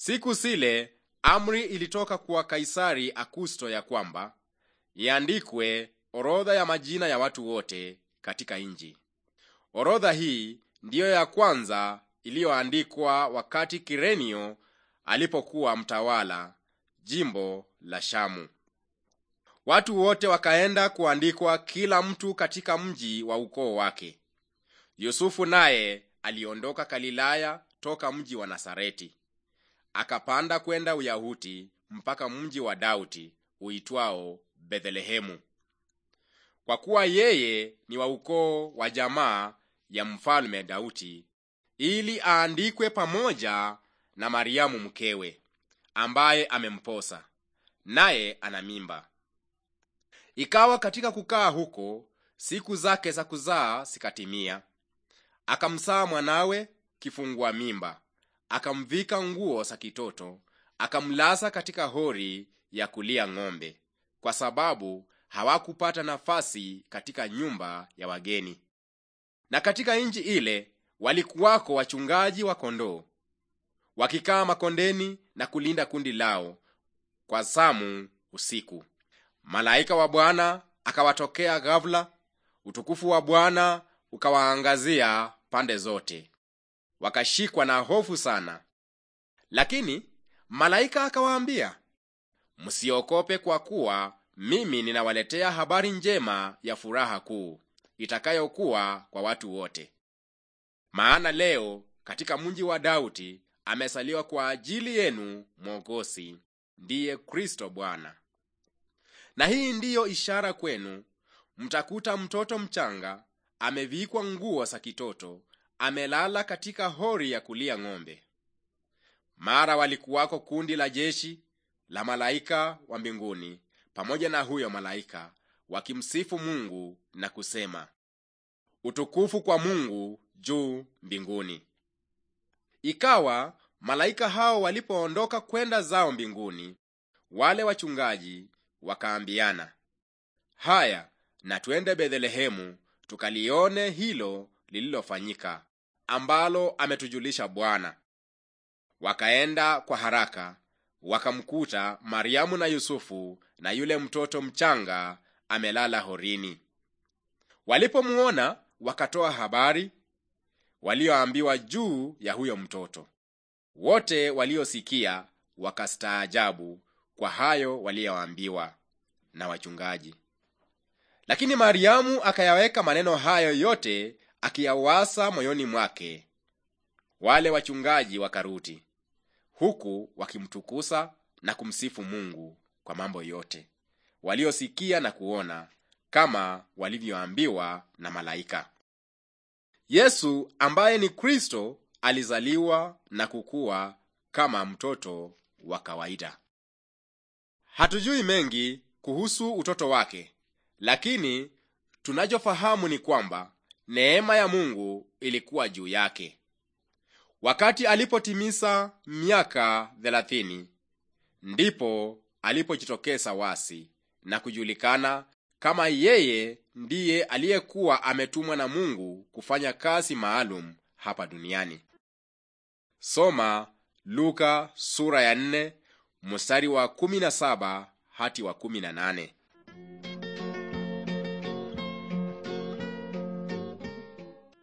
Siku zile amri ilitoka kwa Kaisari akusto ya kwamba iandikwe orodha ya majina ya watu wote katika nji Orodha hii ndiyo ya kwanza iliyoandikwa wakati Kirenio alipokuwa mtawala jimbo la Shamu. Watu wote wakaenda kuandikwa, kila mtu katika mji wa ukoo wake. Yusufu naye aliondoka Galilaya toka mji wa Nazareti akapanda kwenda Uyahudi mpaka mji wa Daudi uitwao Bethlehemu, kwa kuwa yeye ni wa ukoo wa jamaa ya mfalme Daudi, ili aandikwe pamoja na Mariamu mkewe, ambaye amemposa naye ana mimba. Ikawa katika kukaa huko, siku zake za kuzaa zikatimia, akamsaa mwanawe kifungua mimba akamvika nguo za kitoto, akamlaza katika hori ya kulia ng'ombe, kwa sababu hawakupata nafasi katika nyumba ya wageni. Na katika nchi ile walikuwako wachungaji wa kondoo wakikaa makondeni na kulinda kundi lao kwa zamu usiku. Malaika wa Bwana akawatokea ghafula, utukufu wa Bwana ukawaangazia pande zote wakashikwa na hofu sana. Lakini malaika akawaambia, msiogope, kwa kuwa mimi ninawaletea habari njema ya furaha kuu itakayokuwa kwa watu wote. Maana leo katika mji wa Daudi amesaliwa kwa ajili yenu Mwokozi, ndiye Kristo Bwana. Na hii ndiyo ishara kwenu, mtakuta mtoto mchanga amevikwa nguo za kitoto amelala katika hori ya kulia ng'ombe. Mara walikuwako kundi la jeshi la malaika wa mbinguni pamoja na huyo malaika wakimsifu Mungu na kusema, utukufu kwa Mungu juu mbinguni. Ikawa malaika hao walipoondoka kwenda zao mbinguni, wale wachungaji wakaambiana, haya, na twende Bethlehemu tukalione hilo lililofanyika, ambalo ametujulisha Bwana. Wakaenda kwa haraka wakamkuta Mariamu na Yusufu na yule mtoto mchanga amelala horini. Walipomuona wakatoa habari walioambiwa juu ya huyo mtoto. Wote waliosikia wakastaajabu kwa hayo waliyoambiwa na wachungaji. Lakini Mariamu akayaweka maneno hayo yote akiyawasa moyoni mwake wale wachungaji wa karuti huku wakimtukusa na kumsifu mungu kwa mambo yote waliosikia na kuona kama walivyoambiwa na malaika yesu ambaye ni kristo alizaliwa na kukuwa kama mtoto wa kawaida hatujui mengi kuhusu utoto wake lakini tunachofahamu ni kwamba neema ya Mungu ilikuwa juu yake. Wakati alipotimisa miaka thelathini, ndipo alipojitokeza wasi na kujulikana kama yeye ndiye aliyekuwa ametumwa na Mungu kufanya kazi maalum hapa duniani. Soma Luka sura ya nne mstari wa kumi na saba hadi wa kumi na nane.